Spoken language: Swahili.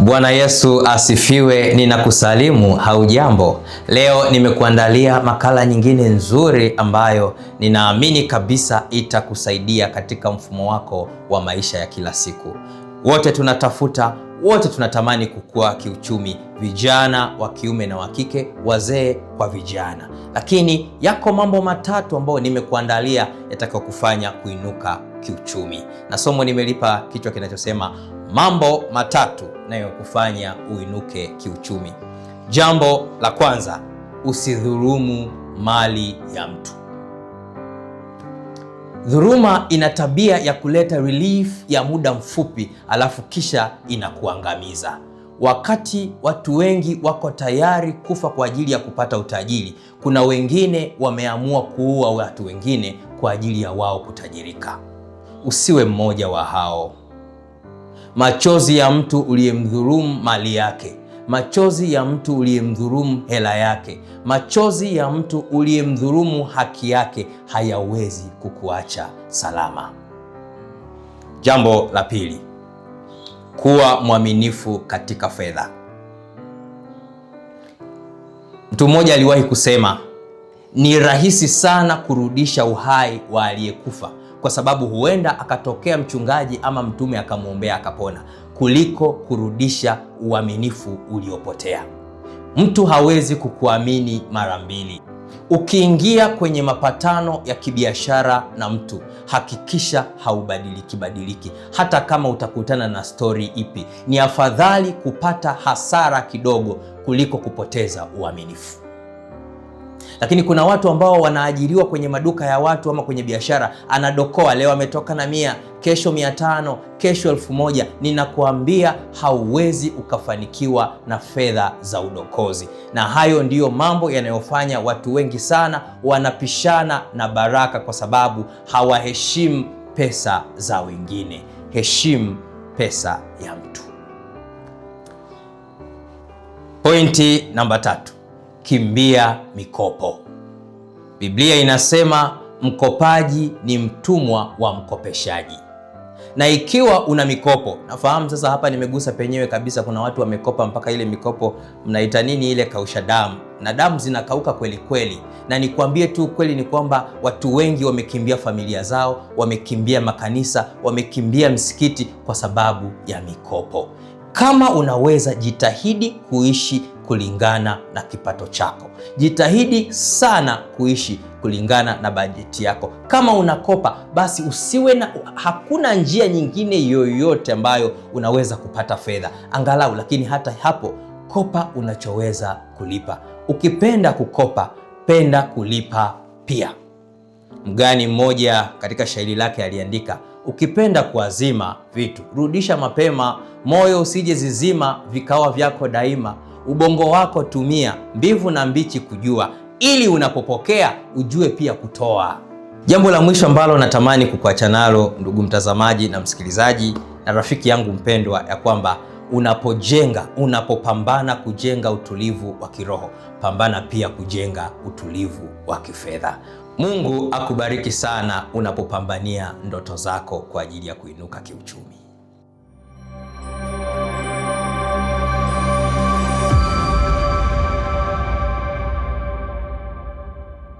Bwana Yesu asifiwe. Ninakusalimu, haujambo? Leo nimekuandalia makala nyingine nzuri ambayo ninaamini kabisa itakusaidia katika mfumo wako wa maisha ya kila siku. Wote tunatafuta, wote tunatamani kukua kiuchumi, vijana wa kiume na wa kike, wazee kwa vijana, lakini yako mambo matatu ambayo nimekuandalia yatakayokufanya kuinuka kiuchumi, na somo nimelipa kichwa kinachosema mambo matatu nayokufanya uinuke kiuchumi. Jambo la kwanza, usidhulumu mali ya mtu. Dhuluma ina tabia ya kuleta relief ya muda mfupi, alafu kisha inakuangamiza. Wakati watu wengi wako tayari kufa kwa ajili ya kupata utajiri, kuna wengine wameamua kuua watu wengine kwa ajili ya wao kutajirika. Usiwe mmoja wa hao machozi ya mtu uliyemdhulumu mali yake, machozi ya mtu uliyemdhulumu hela yake, machozi ya mtu uliyemdhulumu haki yake hayawezi kukuacha salama. Jambo la pili, kuwa mwaminifu katika fedha. Mtu mmoja aliwahi kusema, ni rahisi sana kurudisha uhai wa aliyekufa kwa sababu huenda akatokea mchungaji ama mtume akamwombea akapona, kuliko kurudisha uaminifu uliopotea. Mtu hawezi kukuamini mara mbili. Ukiingia kwenye mapatano ya kibiashara na mtu, hakikisha haubadiliki badiliki, hata kama utakutana na stori ipi. Ni afadhali kupata hasara kidogo kuliko kupoteza uaminifu. Lakini kuna watu ambao wanaajiriwa kwenye maduka ya watu ama kwenye biashara, anadokoa leo ametoka na mia, kesho mia tano, kesho elfu moja. Ninakuambia hauwezi ukafanikiwa na fedha za udokozi, na hayo ndiyo mambo yanayofanya watu wengi sana wanapishana na baraka, kwa sababu hawaheshimu pesa za wengine. Heshimu pesa ya mtu. Pointi namba tatu kimbia mikopo. Biblia inasema mkopaji ni mtumwa wa mkopeshaji. Na ikiwa una mikopo, nafahamu sasa hapa nimegusa penyewe kabisa, kuna watu wamekopa mpaka ile mikopo mnaita nini ile kausha damu, na damu zinakauka kweli kweli. Na nikwambie tu kweli ni kwamba watu wengi wamekimbia familia zao, wamekimbia makanisa, wamekimbia msikiti kwa sababu ya mikopo. Kama unaweza jitahidi kuishi kulingana na kipato chako. Jitahidi sana kuishi kulingana na bajeti yako. Kama unakopa, basi usiwe na hakuna njia nyingine yoyote ambayo unaweza kupata fedha angalau, lakini hata hapo kopa unachoweza kulipa. Ukipenda kukopa, penda kulipa pia. Mgani mmoja katika shairi lake aliandika, ukipenda kuazima vitu rudisha mapema, moyo usije zizima, vikawa vyako daima ubongo wako tumia mbivu na mbichi kujua, ili unapopokea ujue pia kutoa. Jambo la mwisho ambalo natamani kukuacha nalo, ndugu mtazamaji na msikilizaji na rafiki yangu mpendwa, ya kwamba unapojenga, unapopambana kujenga utulivu wa kiroho, pambana pia kujenga utulivu wa kifedha. Mungu akubariki sana unapopambania ndoto zako kwa ajili ya kuinuka kiuchumi.